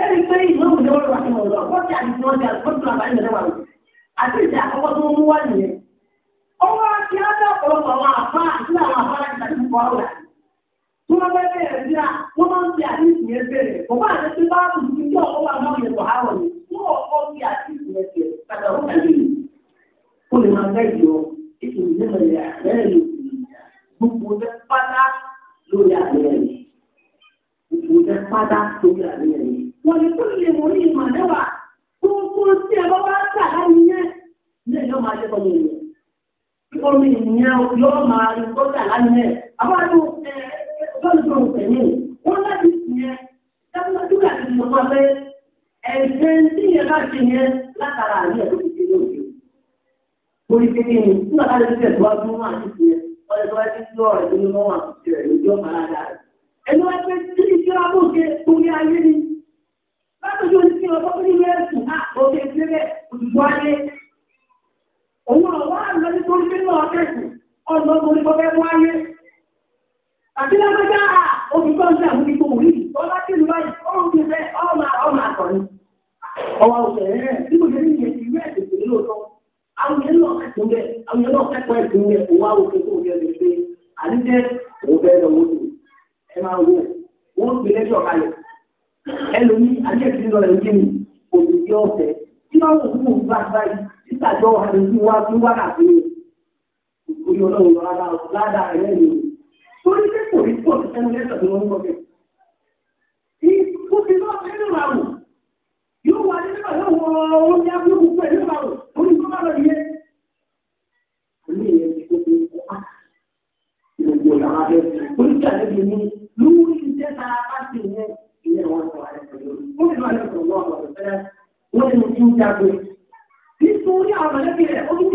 ẹni pé ìmọ̀ọ́mù ni wọ́n lọ sí ọ̀dọ̀ wọ́n ti àdìsí wọn ti àdìsí wọn ti àti ìjà àkọ́kọ́ tó mú wá nìyẹn. ọwọ́ àti ábẹ́ ọ̀pọ̀lọpọ̀ àwọn àfáà àti àwọn àfáà láti tàbí kọ́ àwọn àti tí wọ́n bẹ́ẹ̀ bẹ̀rẹ̀ sí à wọ́n máa ń fi àdìsí yẹn bẹ̀rẹ̀ bàbá àti tí bá tù sí kí wà náà yẹ wàhálà wọn wọ́n ọkọ fi àdìsí yẹn bẹ̀rẹ̀ padà wọ́n bẹ̀rẹ̀ yìí kó lè máa bẹ́ẹ̀ yọ ètò ìdílé rẹ̀ gbogbo tẹ pátá lórí àlẹ́ rẹ̀ gbogbo tẹ pátá lórí àlẹ́ rẹ̀ wọ́n ní kó lè mọ ní ìmọ̀ gbogbo tí ẹ lọ́dún tó wọ́n láti sì yẹn dákúndú láti lè wọ́n pé ẹ̀sẹ̀ tí yẹn bá ṣe yẹn látara àlẹ́ tó ti ṣe lóde. Orí kékeré ni nígbà tá a lè fi ẹ̀sùn wá fún wọn àti ìyẹn wọ́n lè tọ́ ẹ ti tú ọ̀rẹ́ tó àti rẹ̀ lójú ọ̀pá ládàá rẹ̀. Ẹni wọ́n pẹ́ tí ìṣẹ́ra bó ṣe torí ayé ni. Látọ̀jú orí sí ọkọ̀ tó ẹ̀sùn náà ah, ó ṣe ṣe bẹ́ẹ̀ òṣùpọ̀ ayé. Òun ọ̀wá àlọ́ nítorí pé náà ọ̀tẹ̀sùn àti à omi kan sí àwọn ibi òwúrí ọlá tí ìlú báyìí ọrùn ti rẹ ọmọ ọmọ àtọ ni. ọwọ́ òkè rẹ̀ bí mo ṣe ní ìyẹn ti rí ẹ̀sìn sílẹ̀ lọ́tọ́ àwọn yẹn náà kẹ́kọ̀ọ́ rẹ̀ àwọn yẹn náà kẹ́kọ̀ọ́ ẹ̀sìn rẹ̀ òwò àwọn òkè tó rẹ̀ lè ṣe àdíjẹ́ òun bẹ́ẹ̀ lọ wọ́n ẹ máa wọ wọ́n gbé lẹ́jọ́ kalẹ̀ ẹlòmí àdíjẹ́ ti lọ rẹ̀ ń mi òun bá báyìí títàjọ́ àdéhùn wa tún Torí pé kò ní pọ̀ sí ẹnu lẹ́sẹ̀ tó lọ́wọ́ bẹ̀. Ìkó ti lọ sí nínú àrùn. Yóò wà ní nígbà yóò wọ oúnjẹ abúlé pẹ̀lú nínú àrùn. Torí tó bá lọ yẹ. Àmì ìyẹn ti gbogbo ìkọ́ á. Gbogbo ìyàwó abẹ́. Oníkà lẹ́bi ní lórí ìjẹ́ ta á sì Ìyẹn wọn sọ àlẹ́ pẹ̀lú. Ó ní máa lẹ́sọ̀ lọ́wọ́ àwọn ọ̀sẹ̀ wọ́n ní kí ń jáde. Nítorí àwọn mọ̀lẹ́bí rẹ̀, ó ní kí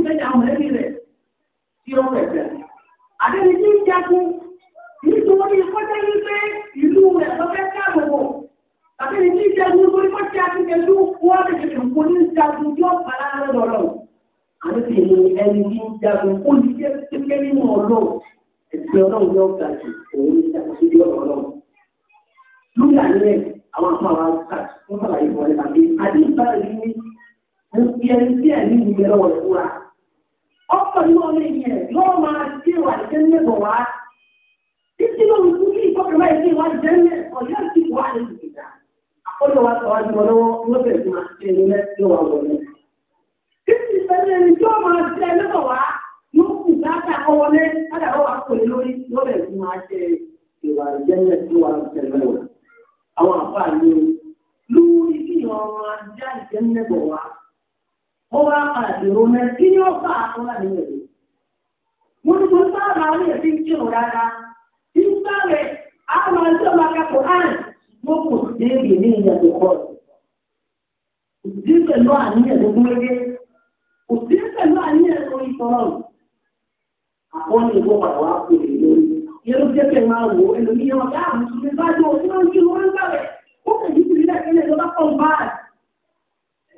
nítorí kọjá wípé ìlú rẹ̀ lọ́fẹ́ dáàbòbò àti ní tí ìjagun lórí kọjá akíkẹ́lú wọ́n ti tètè kó ní ìjagun yóò padà lọ́dọọlọ́ àti tí èmi ẹni ní ìjagun ó ní jẹ́ pípé nínú ọlọ́run ẹ̀sìn ọlọ́run yóò ga jù òun ní ìjagun sí ọlọ́run. lórí àníyẹ àwọn afọ àwọn àgbà fún sàlàyé wọn ní tàbí àdéhùbá rẹ ní mo fi ẹni sí ẹni ní títí ti wà ní ìgbà. Àkọ́lé wa kírun dáadáa nígbà rẹ̀ a máa tó máa kakọ̀ án mo kò sí èyí ní ìyàtọ̀ pọ̀ kò sí pẹ̀lú àníyàn tó gún régé kò sí pẹ̀lú àníyàn tó ń sọ̀rọ̀ àwọn ìwọ padà wá kò lè lórí yẹlò jẹ́ pé máa wò ẹlòmíyàn ọ̀gá àwọn ìṣúlẹ̀ ah, bá jọ òun máa ń kí wọn ń gbà ó kàn yí kiri lẹ́ẹ̀kẹ́lẹ́ lọ́ba pọ̀ ń bá a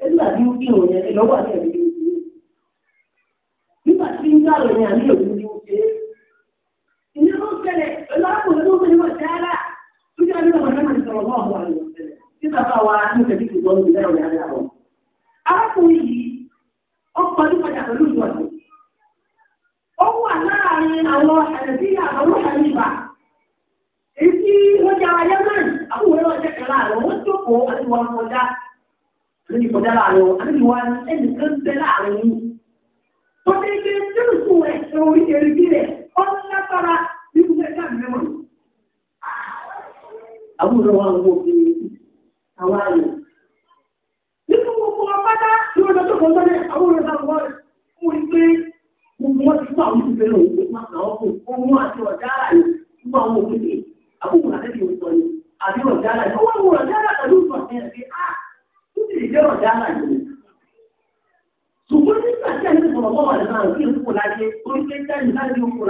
ẹ̀dùn nígbà tí ń gbà ni àníyàn tó ń ṣe é ṣẹlẹ̀ pẹ̀lú àpòlù tó ń ṣẹlẹ̀ wọ̀ tó jẹ́ ọdún ọ̀gbọ̀n náà sọ̀rọ̀ mọ́ ọ̀gbọ̀n rẹ̀ tí bàbá wa ní ìtẹ̀bí ti gbọ́n ìlẹ̀ ọ̀rẹ́ ara wọn. arákùnrin yìí ó kọjú padà pẹ̀lú ìwọ̀dù ó wà láàrin àwọn àdàbíyà àwọn àlìbà èyí tí wọ́n jẹ́ ayé náà àbúrò náà jẹ́ kẹlá àwọn wọ́n jókòó àti wọn kọjá lórí kọjá láàrin wọn àti wọn ẹnìkan bẹ láàrin yìí. wọ́n àbúrò wa ń wo obìnrin àwọn àyè. Nínú gbogbo ọ̀pátá tí wọ́n lọ́jọ́ kan sọ́dẹ̀ àbúrò náà wọ́n mú i pé gbogbo wọn ti fún àwọn ìfẹ́ lòun pé má kà wọ́n kò wọ́n mú àti ọ̀dá àyè fún àwọn òkèlè àbúrò àtẹ́bí òsọ ni àbí ọ̀dá àyè wọ́n mú ọ̀dá àyè pẹ̀lú ìfọ̀ sí ẹ̀ pé á tó ti lè jẹ́ ọ̀dá àyè. Ṣùgbọ́n nígbà tí a ní sọ̀rọ̀ mọ́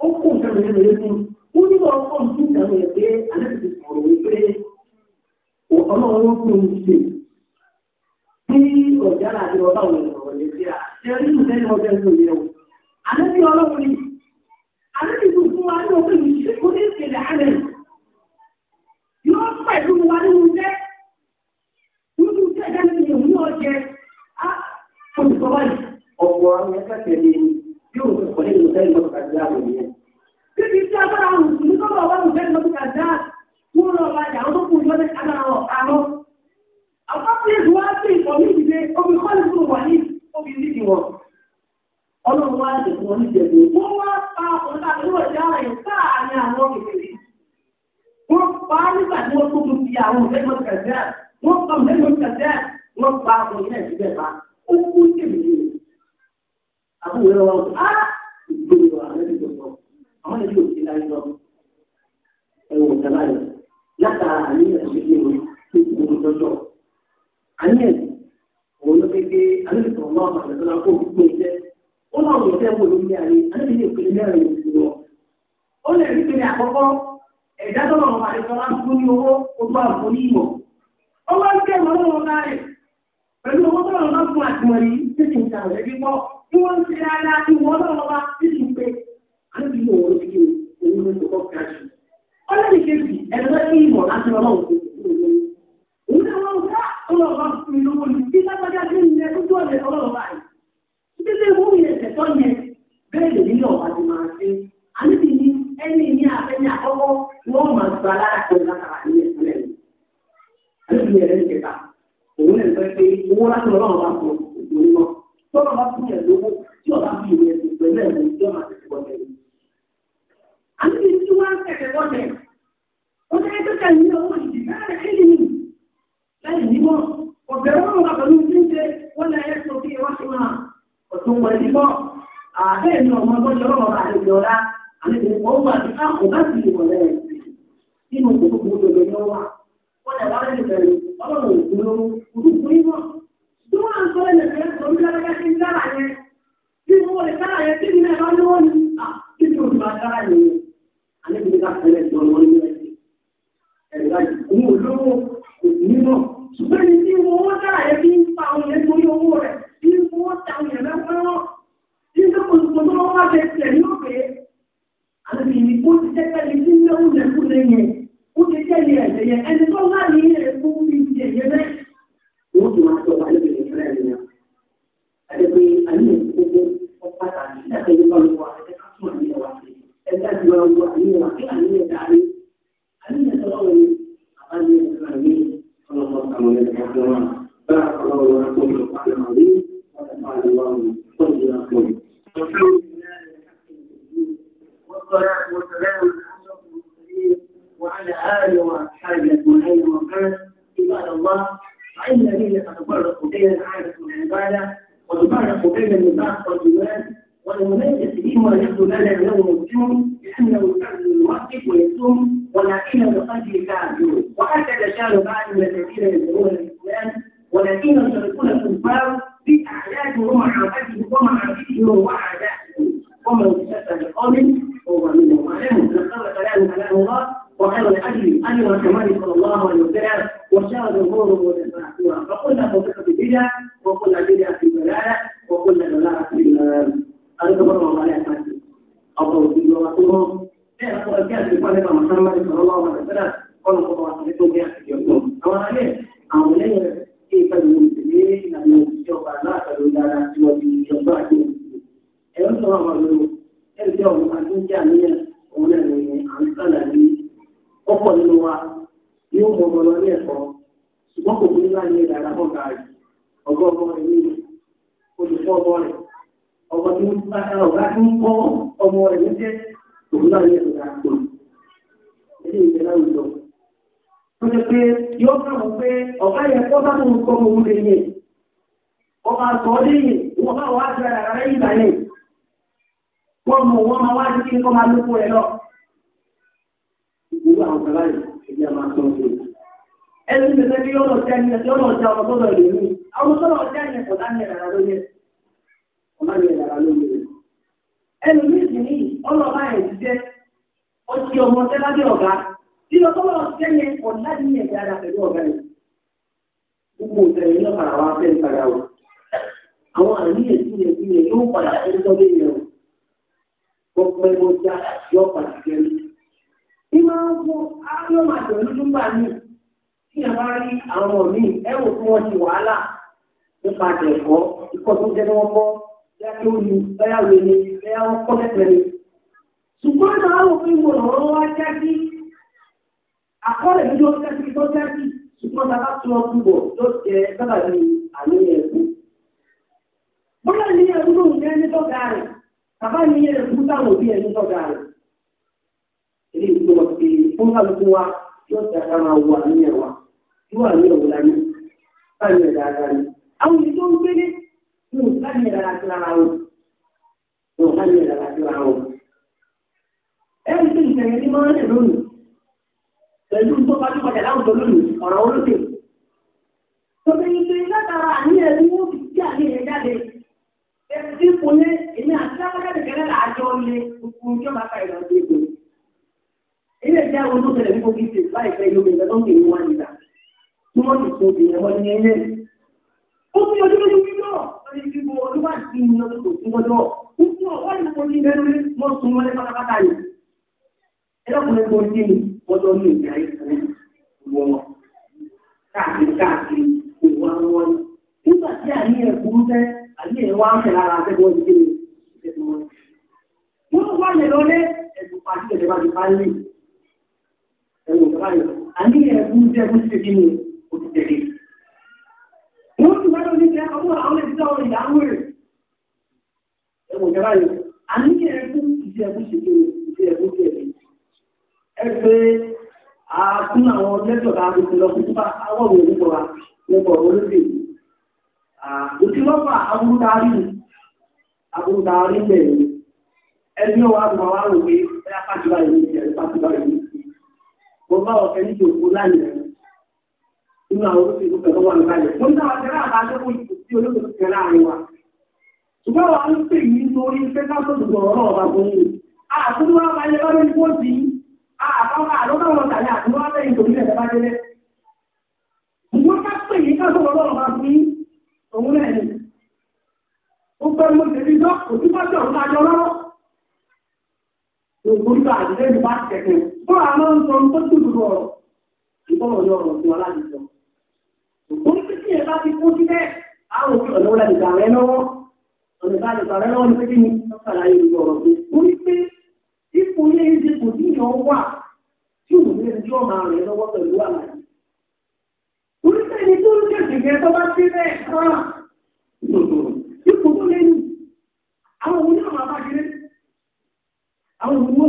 ó nǹkan rẹ̀ lè fún un ó ní wọn kọ́ ní nǹkan rẹ̀ pé aláìsí sọ̀rọ̀ wípé ọlọ́run fún un ṣe bí ọ̀já àti ọba òun ọ̀rọ̀ lè fi à ṣe rí ìlú lẹ́nu ọjọ́ ìlú yẹn o àlẹ́bí ọlọ́run ni àlẹ́bí tó fún wa ní ọjọ́ ìlú ṣe kó ní ìṣẹ̀lẹ̀ àlẹ́ yóò pẹ̀lú wa nínú jẹ́ nínú jẹ́ dání ìwúlọ́jẹ́ á olùkọ́ báyìí ọ̀pọ̀ àwọn ẹgbẹ́ tẹ̀lé yóò kọ́ ní ìlú sẹ́yìn bá Ó kú sí ìdílé àbúrò rẹ wà ó á ìgbèrò àwọn ẹbí tó àwọn ẹbí òsì láyé lọ ẹwọ ìjọba yẹn látara àníyàn sí ilé wọn tó kú lọ́jọ́ àníyàn òun ló kéke àníyàn tó máa bàtà tó lọ́kọ́ òkú ìjẹ́ ó náà wò sẹ́wọ́ ló ní ayé àníyàn yóò kéde mẹ́rin òkú lọ. ó lè rí pé àkọ́kọ́ ẹ̀dá tó lọ́wọ́ àti sọ́lá ń fún ní owó ó tó tí wọ́n ń ṣe dáadáa tí wọ́n lọ́wọ́ bá títí pé àbí mo wọ́n fi òun ló kọ́ ká jù. ọlọ́run kejì ẹ̀rọ ní ìmọ̀ láti ọlọ́run kò kúrò lórí. òun náà wọ́n ká ọlọ́run bá fún mi lówó ni bí lágbájá sí ní ẹkú tó ọ̀lẹ́ ọlọ́run báyìí. títí mú mi ẹ̀sẹ̀ tọ́ yẹn bẹ́ẹ̀ lè nílò ọ̀bà ti máa ṣe. àníbi ni ẹni ní abẹ́yẹ àkọ́kọ́ wọ́n máa gba aláàkó látara ní ẹ̀sẹ̀ lẹ́yìn. àníbi ẹ̀rẹ́ tọ́lọ̀ bá fún yẹn lówó tí ọ̀la fi ìwé ẹ̀sìn pẹ̀lú ẹ̀mí tí ọ̀la ti wọ́n tẹ̀lé. àti tí wọ́n á tẹ̀lé wọ́n wọ́n tẹ̀lé tó tẹ̀lé ní ọwọ́ ìdí láàrẹ̀ ẹ̀lì mi láì nímọ̀ ọ̀bẹ̀rẹ̀ wọn wà pẹ̀lú jíjẹ wọn lẹ ẹ̀ tó fi wá síwá ọ̀tún wọn ẹ̀dí mọ́ àbẹ́ ẹ̀mí ọmọ ọgbọ́n yọrọ ọ̀la àlejò ọ̀la àlejò ọ̀wọ́ wà ní káàkó láti ìwọ̀ rẹ̀ nínú gbogbo gbogbo ìgbẹ̀yẹ wà wọn lẹ wà lẹ́yìn bẹ̀rẹ̀ ọlọ́run òkú wọ́n á sọ ẹ̀yẹ̀ fẹ́ lórí lọ́wọ́ kí n dára yẹn bí mo wọlé dára yẹn kí n náà bá lọ́wọ́ ni kí n yóò bá dára yẹn alẹ́ mi ká fẹ́lẹ̀ tó lọ́wọ́ ní ẹ̀sìn ẹ̀ka ìkún olówó kò ní mọ̀ ṣùgbọ́n ní bí mo wọ́n dára yẹn kí n fa àwọn yẹn torí owó rẹ̀ kí n ta àwọn yẹn lọ́wọ́ kí n sọ́kò tó tó wá ṣe tiẹ̀ ní òkè alẹ́ mi rẹ̀ nìyẹn. Àdébí àní ìgbógbó pàtàkì láti ní bá wọ àti kásùn àní ẹ̀wà sí. Ẹgbẹ́ àti máa wọ àní ẹ̀wà kí àní ẹ̀ dárí. Àní ẹ̀ tọ́lọ́wọ́ ni àbá ní ẹ̀ka mi ọlọ́mọ àwọn ẹ̀ka tó wà. Bẹ́ẹ̀ àkọlọ́wọ́ wọn kò lọ pàdé wọn rí wọ́n ti máa lè wá wọn kó ní àpò. وعلى آله وأصحابه أجمعين وقال عباد الله عن الذين تتفرق بين العادة والعبادة وتفرق بين النفاق والإيمان والمميز بهم ويبدو لنا أنه مسلم لأنه فرد يوقف ويصوم ولكن بقدر كافر وأكد شان بعض من الذين يدعون الإسلام ولكن يشركون الكفار في أعيادهم ومعابدهم ومعابدهم ومن شتى بقوم هو منهم وعلمهم لقد كلام كلام الله وخير الأجر أجر كمال صلى الله عليه وسلم وشاء جمهور bá rí àwọn míì ẹ̀wọ̀n tí wọ́n ti wàhálà nípa àjẹ̀kọ́ ikọ̀ tó jẹ́ wọ́n bọ́ yá kí ó lu bẹ́yà wẹ̀ ni bẹ́yà wọ́n kọ́ lẹ́sẹ̀ ni. ṣùgbọ́n náà wọ́n fi wọ̀ lọ́wọ́ wá já sí àkọọ́lẹ̀ mi ló já sí tó já sí ṣùgbọ́n bàbá tó lọ túbọ̀ tó jẹ sábà ní àlẹ́ ẹ̀kú. bóyá ní ẹ̀kú ló ń jẹ́ ní tọ́ga rẹ̀ bàbá ní ẹ̀kú táwọn òbí ẹ̀ ní tọ́ga rẹ̀. èyí ló wọ́n ti fún kálukú wa yóò tẹ̀ka wà ní ọ̀la ní báyìí ẹ̀dá ara ní. Àwọn ìdí tó ń gbélé ní báyìí ẹ̀dá ara síra wọn. Wọ́n báyìí ẹ̀dá ara síra wọn. Ẹ̀rí tó ìṣẹ̀lẹ̀ ní máa ń rẹ̀ lónìí. Pẹ̀lú tó bá tó padà láwùjọ lónìí, ọ̀rọ̀ olóde. Tọ́pẹ́ ìpè látara àní ẹ̀rí wọ́n fi kí àní ẹ̀ jáde. Ẹ̀rí tí kò lé èmi àti Abájáde kẹ́lẹ́ là lé gbogbo ìjọba ká ìlọ sí Ilé ìjà wo ló tẹ̀lé ní kókí ṣe báyìí fẹ́ yóò gbẹ̀gbẹ̀ tó ń tí wọ́n ti tóbi yẹn ní ilé. ó fi ọdún méjì bí náà lórí ìdìbò ọdún wà sí ìyẹn tó kò sí ó fún ọ̀wá ìdìbò ní ilé rí sun wọlé pátápátá yìí. ẹ lọ́kùnrin tó ń dín ọjọ́ ní ìgbà ìfún wọn káàkiri káàkiri kò wá wọn. nígbà tí àní ẹ̀ burú fẹ́ àní ẹ̀ wá ń fẹ̀ lára akẹ́kọ̀ọ́ ìdílé ìdílé wọn. wọ́n lè lọ ti tẹ̀lé. Wọ́n ti wá lórí ìfẹ́ ọmọ àwọn ẹ̀dá ọ̀rọ̀ ìyàwó rẹ̀. Ẹ wò jẹ́ báyìí. Àní kí ẹ fún ìdí ẹ̀kú ṣe kí ìdí ẹ̀kú tẹ̀lé. Ẹ pé a fún àwọn lẹ́tọ̀ tá a ti lọ fún bá àwọn òwe nípa wa nípa olóṣèlú. Òtí lọ́fà aburúdarí aburúdarí bẹ̀rẹ̀ ẹni ọwọ́ àgbà wa rò pé ẹ nínú àwọn olóṣèlú pẹ̀lú wà nígbàlẹ̀. Mo ní àwọn àjẹrà àdájọ́ kò yìí sí olóṣèlú kẹrẹ àárín wa. Ṣùgbọ́n wa ń pè yí lórí pé ká tó dùn ọ̀rọ̀ ọ̀bà fún mi. Àtúntò wa máa yẹ lọ́dún kó di àkọ́kọ́ àlọ́kọ́ wọn tàbí àtúntò wa bẹ́yìn tòun ilẹ̀ bá délẹ̀. Mo ká pè yí ká tó ọ̀rọ̀ ọ̀bà fún Òun náà ni. Ó pẹ́ mo tẹ̀lé jọ́ òtúbọ̀jọ́ ọ̀rọ̀ àjọ lọ́wọ́. Ògbóńgbà àdìlẹ́yìn bá tẹ̀kẹ̀. Bọ́ọ̀ àmọ́ ń sọ ń tó dùn ọ̀rọ̀. Ìbọ̀wọ̀ ni ọ̀rọ̀ ti wà sọ. Orí títí ẹ̀ bá ti kú síbẹ̀, a ò fi ọ̀nà ọ̀làdì gbà rẹ lọ́wọ́. Ọ̀nà ìbàdàn gbà rẹ lọ́wọ́ ni pé kí ni wọ́n ṣàlàyé ìlú ọ̀rọ̀ pé orí pé ipò ilé ìdí kò tí ìyàn wà tí òun ní ẹni tí ó máa rẹ lọ́wọ́ pẹ̀lú àlàyé. Orí pé ẹni tó ń kẹ̀kẹ́ kẹ́ tó bá dé bẹ́ẹ̀ kán. Ipò tó lé ní àwọn òun náà máa bá kéré. Àwọn òun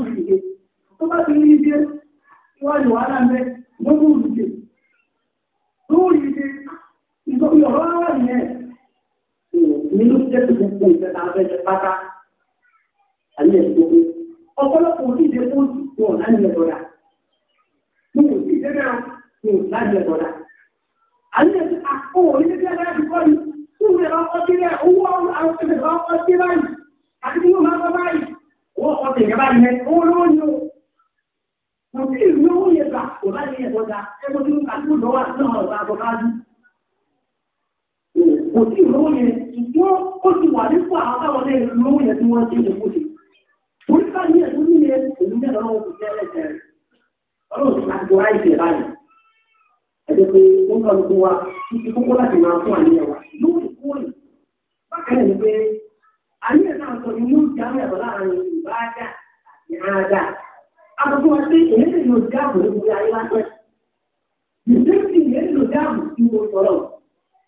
fi rí jẹ́ wọ́n lù wá náà bẹ́ẹ̀. ó ti wà nípò àwọn táwọn lè lówó yẹn tí wọ́n ti lè kó Orí ká ní ẹ̀dún ní ẹ̀ òun jẹ́ lọ́wọ́ kò jẹ́ ẹlẹ́sẹ̀ rẹ̀. Ọlọ́run ti máa gbọ́ra ìṣẹ̀ báyìí. Ẹ pé ó ń lọ́dún wa títí kókó láti máa fún àníyàn wa. Lóòrè kóòrè. Bákan náà ni pé àníyàn náà sọ ni yóò já mẹ́rọ láàrin ìbáadà àti àádà. Àkókò wa pé èyí lè lò dáàbò ní gbogbo ayé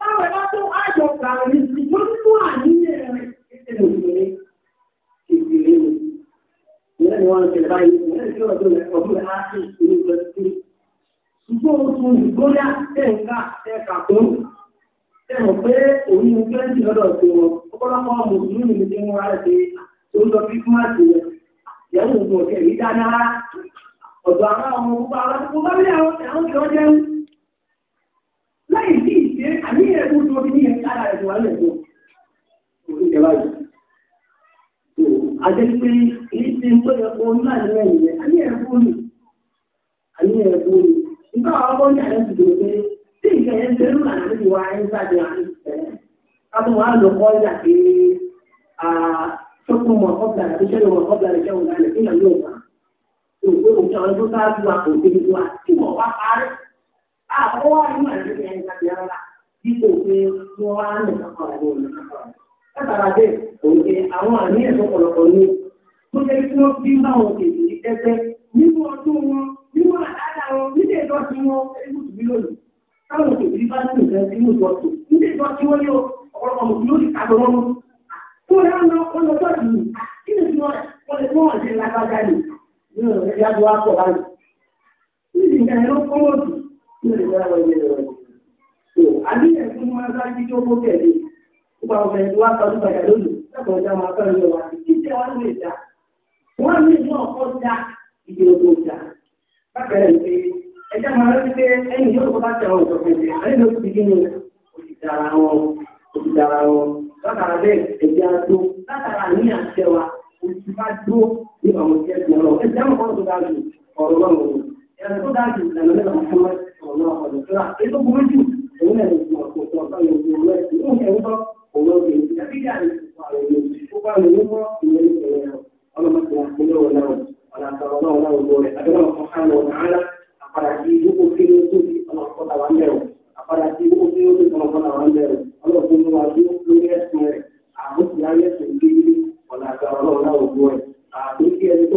Báwo bá tó àjọ kàrò ní ti tó nínú àníyàn rẹ̀ ṣe lè wọlé. Ìgbìlẹ̀ mi. Ìyá ni wọ́n ń ṣe báyìí. Ìyá ni ọdún rẹ̀ ọdún rẹ̀ á sì ní ìjọ sí. Ṣùgbọ́n oṣù ìgbóyà tẹ̀ka tẹ̀ka tó. Tẹ̀mọ̀ pé òun ní twenty lọ́dọ̀ sí wọn. Ọ̀pọ̀lọpọ̀ mùsùlùmí ni ti ń wá ṣe tó ń lọ bí kíláàsì rẹ̀. Ìyàwó òun ọ̀kẹ́ rí dáná ọ̀dọ̀ àwọn ọmọ ìṣe àníyàn tó tóbi ní ẹ̀ka ara ẹ̀dùn alẹ́ tó oúnjẹ báyìí. Àti pé èyí ti ń pè é fún náà ní ẹ̀yìn rẹ̀, àníyàn fún mi, àníyàn fún mi. Nígbà wọn bọ́ ní àyẹ̀ tuntun pé tí nǹkan yẹn ṣe ló lànà níbi wa ẹ̀ ń sáde àmì ìfẹ́. Káàbọ̀ wọn á lọ kọ́ ìyà pé sọ́kùn mọ̀ ọ̀bà rẹ̀ iṣẹ́ lọ́wọ́ ọ̀bà rẹ̀ ṣẹ́wọ̀n lálẹ́ nígbà yóò wá. Òṣèlú ìjọba tó ká Ah, àwọn àìmọ̀ ẹ̀rí ni ẹni tàbí rárá dípò pé wọ́n wá ní ìsọ̀kan àwọn olùsọ̀kan. látara bẹ́ẹ̀ kò ní àwọn àmì ẹ̀sọ́ pọ̀lọpọ̀ ní tó jẹ́ kí wọ́n bí bá kèjì ní tẹ́tẹ́ nínú ọdún wọn nínú àdáda wọn nílé ìdọ́sí wọn ẹgbùtù bí lónìí. táwọn kèjì bá ní nǹkan sí inú ìdọ́sí nílé ìdọ́sí wọn yóò ọ̀pọ̀lọpọ̀ mùsùlùmí tí wọ́n lè fún àdéhùn tó máa ń sáájú tó kó tẹ̀lé ó bá ọmọ ẹni wá tọdún padà lónìí lẹ́kọ̀ọ́ ọjà máa fẹ́ lọ wá sí títẹ̀ wá lórí ìjà wọ́n ní ìlú ọ̀kọ́ da ìdí ogun ìjà bákan náà pé ẹja máa rántí pé ẹni yóò kọ́ bá tẹ àwọn ìjọba ìjẹ àlejò tó ti gínú òṣìṣàrà wọn òṣìṣàrà wọn látara bẹ́ẹ̀ ẹ̀jẹ̀ àdó látara ní àṣẹ wa òṣìṣàdó ní àwọn ìjẹ́ ìjọ ẹ̀rọ tó dájú ìlànà nígbà tó mọ́ ọ̀nà ọ̀dọ̀ tó rà èyí tó burú jù òun náà lè fún ọ̀pọ̀ tó ọ̀sán yóò fún ọ̀rọ̀ ẹ̀sìn òun ẹ̀rọ tó òun ọ̀gbìn ìdíjà bíjà ní àwọn ènìyàn tó bá lè mú mọ́ ìyẹn ní ìyẹn náà ọlọ́mọdé àti ilé wọn náà ọ̀nà náà náà wọ rẹ̀ àdéhùn ọ̀kan kan lọ nàárà àpàdà rẹ̀ àbúkù láyé ẹ̀sìn náà náà wọ rẹ̀ àbúkù ẹni tó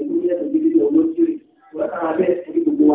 ẹ̀yìn ní ẹ̀sìn gidi ní olóṣèlú wọn náà bẹ́ẹ̀ sí gbogbo